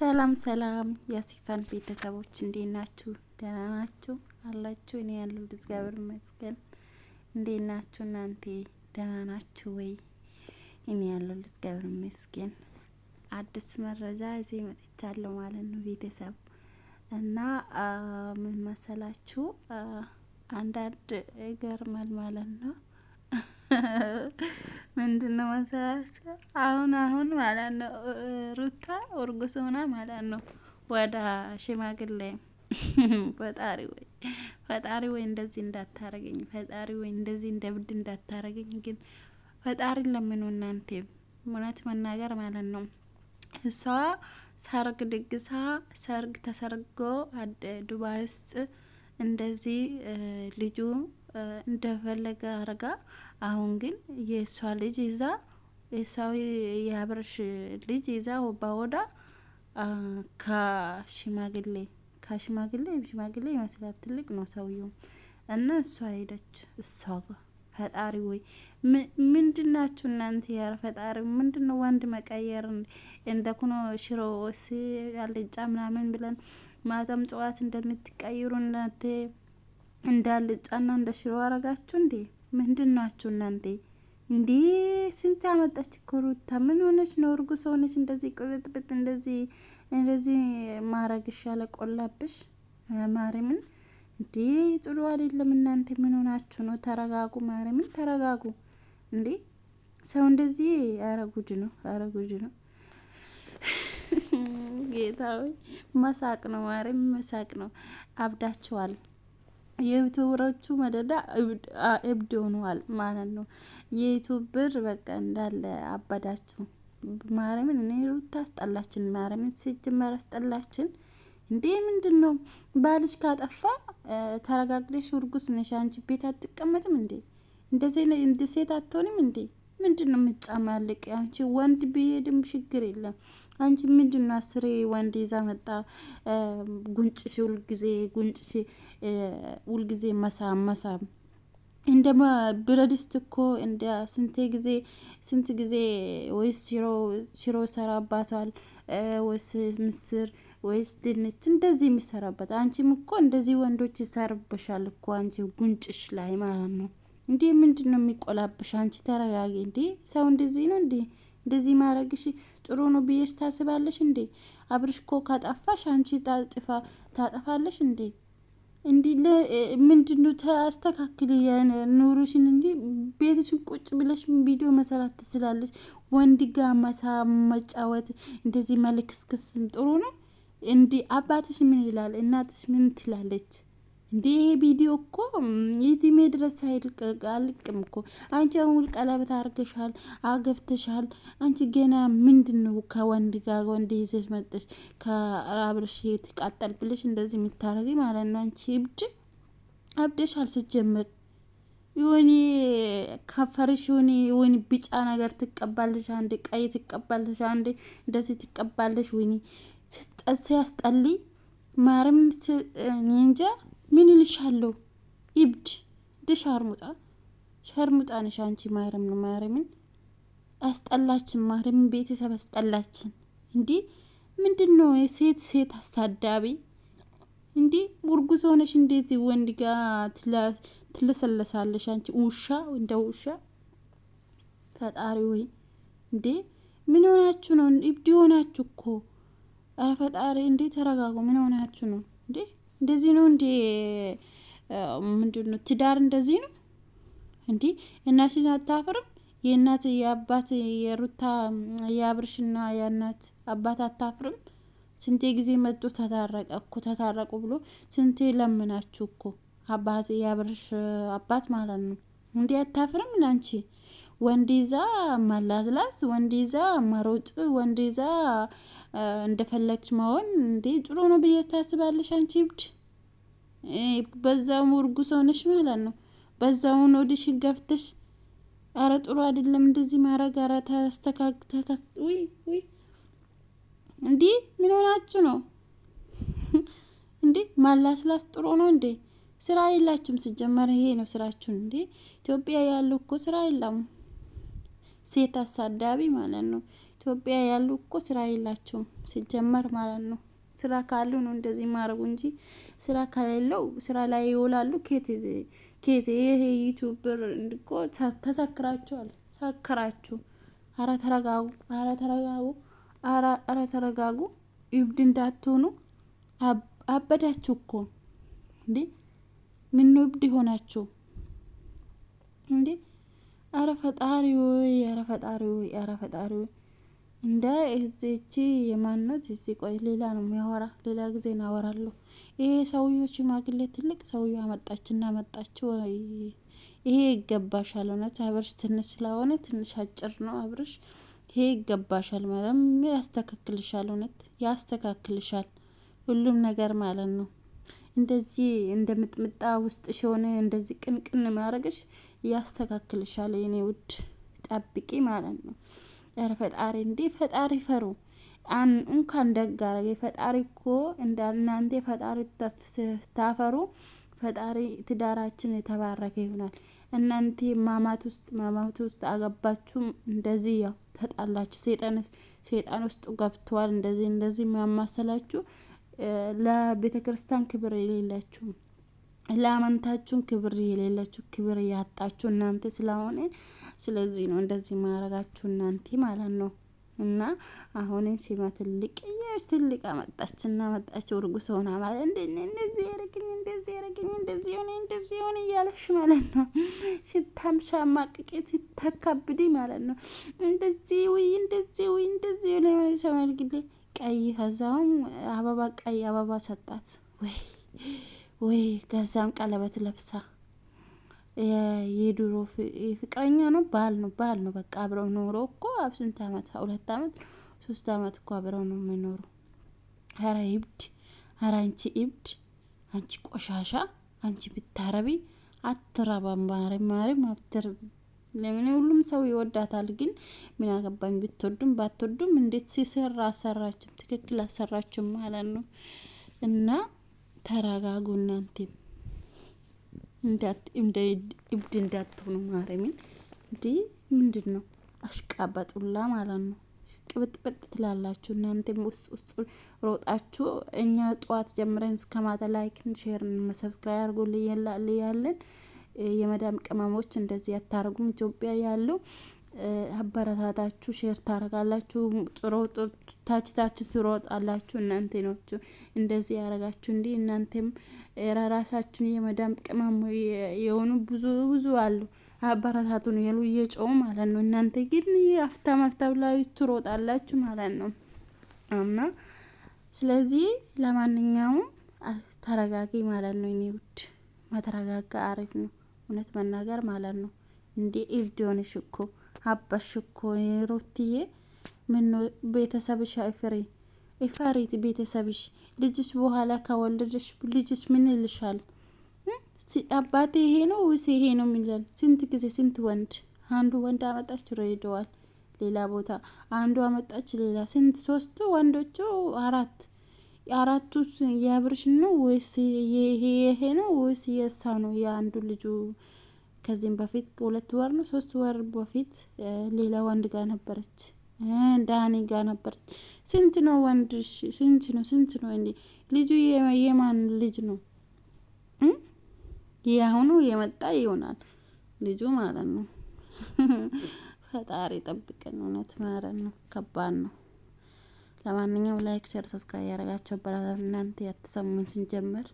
ሰላም ሰላም የሲፋን ቤተሰቦች እንዴት ናችሁ? ደህና ናችሁ አላችሁ? እኔ ያለው እግዚአብሔር ይመስገን። እንዴት ናችሁ እናንተ ደህና ናችሁ ወይ? እኔ ያለው እግዚአብሔር ይመስገን። አዲስ መረጃ እዚህ መጥቻለሁ ማለት ነው ቤተሰብ እና ምን መሰላችሁ አንዳንድ ይገርማል ማለት ነው ምንድን ነው አሁን አሁን ማለት ነው ሩታ ኦርጉዝ ሆና ማለት ነው ወደ ሽማግሌ ፈጣሪ ወይ ፈጣሪ ወይ እንደዚህ እንዳታረገኝ፣ ፈጣሪ ወይ እንደዚህ እንደብድ እንዳታረገኝ። ግን ፈጣሪ ለምኑ እናንተ እውነት መናገር ማለት ነው። እሷ ሰርግ ድግሳ ሰርግ ተሰርጎ ዱባይ ውስጥ እንደዚህ ልጁ እንደፈለገ አርጋ፣ አሁን ግን የእሷ ልጅ ይዛ የሳዊ የአብረሽ ልጅ ይዛ ባወዳ ከሽማግሌ ከሽማግሌ ሽማግሌ ይመስላል ትልቅ ነው ሰውየው እና እሷ ሄደች እሷ ፈጣሪ ወይ ምንድናችሁ እናንተ ያር ፈጣሪ ምንድን ነው ወንድ መቀየር እንደ ኩኖ ሽሮ አልጫ ምናምን ብለን ማታም ጨዋት እንደምትቀይሩ እናንተ እንደ አልጫና እንደ ሽሮ አረጋችሁ እንዴ? ምንድን ናችሁ እናንተ? እንዴ ስንት ያመጣች እኮ ሩታ ምን ሆነች ነው? እርጉዝ ሆነች እንደዚህ ቅብጥብጥ እንደዚህ እንደዚህ ማረግ ይሻለ ቆላብሽ ማርያምን እንዴ ጥሩ አይደለም። እናንተ ምን ሆናችሁ ነው? ተረጋጉ። ማርያምን ተረጋጉ። እንዴ ሰው እንደዚህ አረጉጅ ነው አረጉጅ ነው። ሆይ መሳቅ ነው ማርያምን መሳቅ ነው። አብዳችኋል። የዩቱበሮቹ መደዳ እብድ ሆኗል ማለት ነው። የዩቱብ ብር በቃ እንዳለ አባዳችሁ ማረምን እኔ ሩታ አስጠላችን፣ ማረምን ሲጀመር አስጠላችን። እንዴ ምንድን ነው ባልሽ ካጠፋ ተረጋግደሽ እርጉዝ ነሽ አንቺ ቤት አትቀመጥም እንዴ? እንደዚህ እንደ ሴት አትሆንም እንዴ? ምንድን ነው የምትጨማልቅ አንቺ? ወንድ ብሄድም ችግር የለም አንቺ ምንድን ነው አስሬ ወንድ ይዛ መጣ ጉንጭሽ ሁልጊዜ ጉንጭሽ ሁልጊዜ መሳ መሳ እንደ ብረድስት እኮ እንደ ስንቴ ጊዜ ስንት ጊዜ ወይስ ሽሮ ሽሮ ሰራባቷል ወይስ ምስር ወይስ ድንች እንደዚህ የሚሰራበት አንቺም እኮ እንደዚህ ወንዶች ይሰርብሻል እኮ አንቺ ጉንጭሽ ላይ ማለት ነው። እንዲህ ምንድን ነው የሚቆላብሽ? አንቺ ተረጋጊ። እንዴ ሰው እንደዚህ ነው እንዴ? እንደዚህ ማድረግሽ ጥሩ ነው ብዬሽ ታስባለሽ እንዴ? አብርሽ እኮ ካጣፋሽ አንቺ ጣጥፋ ታጠፋለሽ እንዴ? እንዲህ ምንድኑ ተስተካክል ኑሮሽን እንጂ ቤትሽን ቁጭ ብለሽ ቪዲዮ መሰራት ትችላለች። ወንድ ጋ መሳ መጫወት እንደዚህ መልክስክስ ጥሩ ነው። እንዲ? አባትሽ ምን ይላል? እናትሽ ምን ትላለች? እንዴ ቪዲዮ እኮ የትሜ ድረስ ሳይልቅ አልቅም እኮ አንቺ አሁን ቀለበት አርገሻል፣ አገብተሻል። አንቺ ገና ምንድን ነው ከወንድ ጋር ወንድ ይዘሽ መጠሽ ከአብርሽ ትቃጠል ብለሽ እንደዚህ የምታረጊ ማለት ነው። አንቺ እብድ አብደሻል። ስጀምር የሆነ ከፈርሽ የሆነ የሆነ ቢጫ ነገር ትቀባለሽ፣ አንዴ ቀይ ትቀባለሽ፣ አንዴ እንደዚህ ትቀባለሽ። ወይኔ ሲያስጠልይ ማርም እንጃ ምን ልሻለሁ? ኢብድ እንደ ሻርሙጣ ሻርሙጣ ነሽ አንቺ። ማርያምን ማርያምን አስጠላችን። ማርያምን ቤተሰብ አስጠላችን። እንዲህ ምንድን ነው የሴት ሴት አስታዳቢ እንዴ! እርጉዝ ሆነሽ እንዴት ወንድ ጋ ትለሰለሳለሽ አንቺ ውሻ፣ እንደ ውሻ ፈጣሪ ወይ እንዴ! ምን ሆናችሁ ነው? እብድ ሆናችሁ እኮ። ኧረ ፈጣሪ እንዴ! ተረጋጉ። ምን ሆናችሁ ነው እንዴ? እንደዚህ ነው እንዴ? ምንድን ነው ትዳር እንደዚህ ነው እንዲ? እናትሽ አታፍርም? የእናት የአባት የሩታ የአብርሽና የእናት አባት አታፍርም? ስንቴ ጊዜ መጡ ተታረቀ እኮ ተታረቁ ብሎ ስንቴ ለምናችሁ እኮ አባት የአብርሽ አባት ማለት ነው። እንዲህ አታፍርም እናንቺ ወንድ ይዛ መላስላስ፣ ወንድ ይዛ መሮጥ፣ ወንድ ይዛ እንደፈለግች መሆን እንዴ ጥሩ ነው ብዬ ታስባለሽ? አንቺ እብድ። በዛውም እርጉዝ ሆነሽ ማለት ነው። በዛውን ወዲሽን ገፍተሽ አረ ጥሩ አይደለም እንደዚህ ማድረግ። አረ ተስተካክተሽ ውይ ውይ እንዴ ምን ሆናችሁ ነው እንዴ? ማላስላስ ጥሩ ነው እንዴ? ስራ የላችሁም ሲጀመር፣ ይሄ ነው ስራችሁን እንዴ? ኢትዮጵያ ያለው እኮ ስራ የለም። ሴት አሳዳቢ ማለት ነው። ኢትዮጵያ ያሉ እኮ ስራ የላቸውም ሲጀመር ማለት ነው። ስራ ካሉ ነው እንደዚህ ማድረጉ እንጂ ስራ ከሌለው ስራ ላይ ይውላሉ። ኬት ይሄ ዩቱበር እንድቆ ተሰክራችኋል። ሰከራችሁ። አረ ተረጋጉ፣ አረ ተረጋጉ፣ አረ ተረጋጉ። እብድ እንዳትሆኑ። አበዳችሁ እኮ እንዴ! ምን እብድ ሆናችሁ እንዴ! አረ ፈጣሪ ወይ! አረ ፈጣሪ ወይ! አረ ፈጣሪ ወይ! እንደ እዚች የማነት እዚ ቆይ፣ ሌላ ነው የሚያወራ። ሌላ ጊዜ እናወራለሁ። ይሄ ሰውዬው ሽማግሌ ትልቅ ሰውዬው አመጣች እና መጣች። ይሄ ይገባሻል። እውነት አብርሽ ትንሽ ስለሆነ ትንሽ አጭር ነው አብርሽ። ይሄ ይገባሻል ማለት ያስተካክልሻል። እውነት ያስተካክልሻል ሁሉም ነገር ማለት ነው። እንደዚህ እንደ ምጥምጣ ውስጥ ሲሆን እንደዚህ ቅንቅን ማድረግሽ ያስተካክልሻል። የኔ ውድ ጠብቂ ማለት ነው። ኧረ ፈጣሪ እንዴ ፈጣሪ ፈሩ እንኳን ደግ አረገ ፈጣሪ እኮ እንደ እናንተ ፈጣሪ ስታፈሩ ፈጣሪ ትዳራችን የተባረከ ይሆናል። እናንተ ማማት ውስጥ ማማት ውስጥ አገባችሁም እንደዚህ ያው ተጣላችሁ፣ ሴጣን ውስጥ ገብተዋል እንደዚህ እንደዚህ ማማሰላችሁ ለቤተ ክርስቲያን ክብር የሌላችሁ ለአመንታችሁን ክብር የሌላችሁ ክብር ያጣችሁ እናንተ ስለሆነ ስለዚህ ነው እንደዚህ ማረጋችሁ እናንተ ማለት ነው። እና አሁን ሽማ ትልቅ እያች ትልቅ አመጣች እና መጣች እርጉዝ ሆና ማለት እንደኔ እንደዚህ ያረግኝ እንደዚህ ያረግኝ እንደዚህ ሆነ እንደዚህ ሆነ እያለሽ ማለት ነው። ሽታም ሻማቅቄ ሲታካብድ ማለት ነው። እንደዚህ ውይ እንደዚህ ውይ እንደዚህ ሆነ የሆነ ሸመልግሌ ቀይ ከዛውም አበባ ቀይ አበባ ሰጣት። ወይ ወይ ከዛም ቀለበት ለብሳ የድሮ ፍቅረኛ ነው ባል ነው ባል ነው በቃ አብረው ኖሮ እኮ አብ ስንት አመት ሁለት አመት ሶስት አመት እኮ አብረው ነው የሚኖሩ። ኧረ ይብድ! ኧረ አንቺ ይብድ! አንቺ ቆሻሻ! አንቺ ብታረቢ አትራባ ማሪ ማሪ ለምን ሁሉም ሰው ይወዳታል። ግን ምን አገባኝ ብትወዱም ባትወዱም፣ እንዴት ሲሰራ አሰራችም ትክክል አሰራችም ማለት ነው። እና ተረጋጉ እናንተ እንዳት እንደ እብድ እንዳትሆኑ ማረሚን እንዴ ምንድን ነው አሽቃባጡላ ማለት ነው። ቅብጥብጥ ትላላችሁ እናንተም ውስጥ ውስጥ ሮጣችሁ እኛ ጠዋት ጀምረን እስከ ማታ ላይክ፣ ሼር፣ ሰብስክራይብ አድርጎ ልያለን የመዳም ቅመሞች እንደዚህ አታረጉም። ኢትዮጵያ ያሉ አበረታታችሁ ሼር ታረጋላችሁ። ጥሮ ታች ታች ስሮጥ አላችሁ እናንተ ናችሁ እንደዚህ ያረጋችሁ። እንዲህ እናንተም ራሳችሁን የመዳም ቅመም የሆኑ ብዙ ብዙ አሉ አበረታቱን የሉ እየጮው ማለት ነው። እናንተ ግን አፍታም አፍታም ላይ ትሮጣላችሁ ማለት ነው። እና ስለዚህ ለማንኛውም ተረጋጊ ማለት ነው። እኔ ውድ መተረጋጋ አሪፍ ነው። እውነት መናገር ማለት ነው። እንዲ እብድ ሆነሽ እኮ አባሽ እኮ ሩትዬ፣ ምነው ቤተሰብሽ አይፈሪ ይፈሪት ቤተሰብሽ ልጅሽ በኋላ ከወለደሽ ልጅሽ ምን ይልሻል? አባቴ ይሄ ነው ወይስ ይሄ ነው የሚላል? ስንት ጊዜ ስንት ወንድ አንዱ ወንድ አመጣች ሄደዋል ሌላ ቦታ፣ አንዱ አመጣች ሌላ ስንት ሶስቱ ወንዶቹ አራት አራቱ የአብርሽ ነው ወይስ ይሄ ነው ወይስ የእሷ ነው? የአንዱ ልጁ ከዚህም በፊት ሁለት ወር ነው ሶስት ወር በፊት ሌላ ወንድ ጋር ነበረች፣ ዳኒ ጋር ነበረች። ስንት ነው ወንድሽ? ስንት ነው ስንት ነው? እንዴ? ልጁ የማን ልጅ ነው? የአሁኑ የመጣ ይሆናል ልጁ ማለት ነው። ፈጣሪ ጠብቀን። እውነት ማለት ነው። ከባድ ነው። ለማንኛውም ላይክ፣ ሸር፣ ሰብስክራይብ ያደረጋቸው በራሳችሁ እናንተ ያተሰሙን ስንጀምር